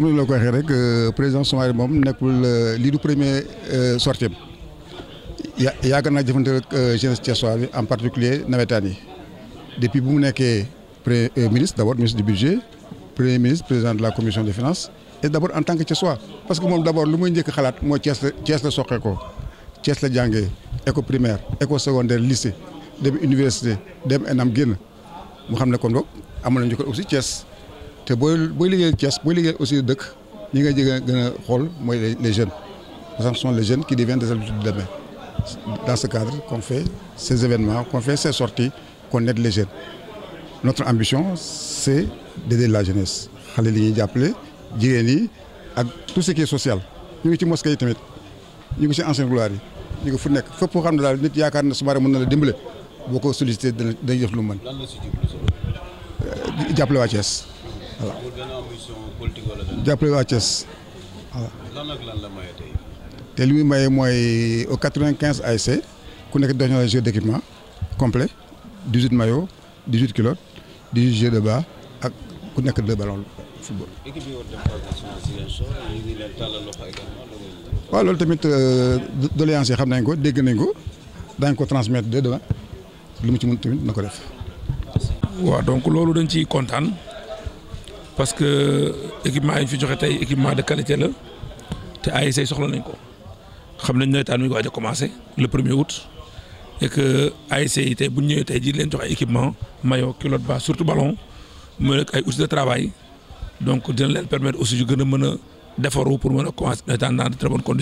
mu ne la ko waxee rek euh, moom nekkul euh, lii du premier euh, sortie yaa ya yàgg naa jëfante ak jeunesse thiessoise bi en particulier nawetaan yi depuis bu mu nekkee premier ministre d' abord ministre du budget premier ministre président de la commission des finances et d' abord en tant que thiessois parce que moom d' abord lu muy njëkk xalaat mooy Thiès la Thiès la soqee ko Thiès la jàngee école primaire école secondaire lycée dem université dem ENAM génn mu xam ne kon boog amoon nañu ko aussi cees te booy booy liggéeyal Thiès booy liggéeyal aussi dëkk ñi nga jege gën a xool mooy les jeunes parce que ce sont les jeunes qui deviennent des adultes de demain dans ce cadre qu'on fait ces événements qu'on fait ces sorties qu'on aide les jeunes notre ambition c'est d'aider la jeunesse xale li ñuy jàppale jigéen yi ak tout ce qui est social ñu ngi ci mosquée yi tamit ñu ngi ci ancienne gloire yi ñu ngi fu nekk fépp foo xam ne daal nit yaakaar na subaare mën na la dimbale boo ko sollicité dañuy def lu mu mën voilà jàppale waa Thiès voilà. te li muy maye mooy au quatre-vingt-quinze ASC ku nekk dox na jeu d'équipement complet dix-huit maillots dix-huit culottes dix-huit jeux de bas ak ku nekk deux ballons loolu tamit euh, doléance yi xam nañ ko dégg nañ ko daañu ko transmettre dès demain lu mu ci mën tamit na ko def. waaw donc loolu dañ ciy kontaan. parce que équipement yi ñu fi joxe tey équipement de qualité la te ay ASC soxla nañ ko xam nañ nawetaan mi ngi waaj a commencé le premier août et que ASC bu ñu ñëwee tey leen jox ay équipement maillot culotte bas surtout ballon mu nekk ay outils de travail donc dina leen permettre aussi ñu gën a mën a defaru pour mën a commencé nawetaan dans de très bonnes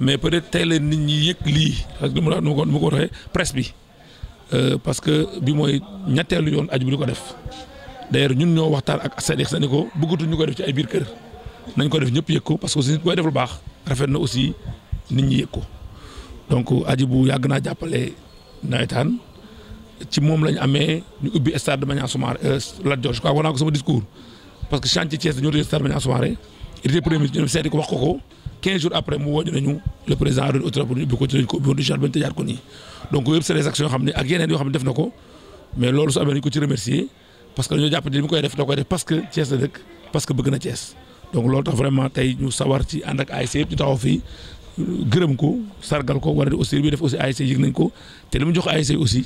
mais peut-être tey leen nit ñi yëg lii parce que li ma la ko waxee presse bi euh, parce que bi mooy ñetteelu yoon aju bi di ko def. d'ailleurs ñun ñoo waxtaan ak Sénégal sani ko bëggatu ñu koy def ci ay biir kër nañ ko def ñëpp yëg ko parce que aussi nit booy def lu baax rafet na aussi nit ñi yëg ko donc aji bu yàgg naa jàppale nawetaan ci moom lañ amee ñu ubbi stade de Maniang Soumaré euh, Lat Dior je crois naa ko sama discours parce que chantier Thiès dañoo tuddee stade de Maniang Soumaré il était premier ministre ñu seeti ko wax ko ko 15 jours après mu woo ñu le président doon ubbi ko ci ubbi woon ne ak yeneen yoo xam ne def na ko loolu su amee nañ ko ci remercier parce que dañoo jàpp ne mu koy def da koy def parce que Thiès dëkk parce que bëgg na Thiès donc loolu tax vraiment tey ñu sawar ci ànd ak ASC yëpp ñu taxaw fii gërëm ko sargal ko war aussi bi def aussi ASC yëg nañ ko te li mu jox ASC aussi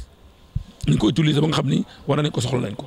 ñu ko utiliser ba nga xam ni war nañ ko soxla nañ ko.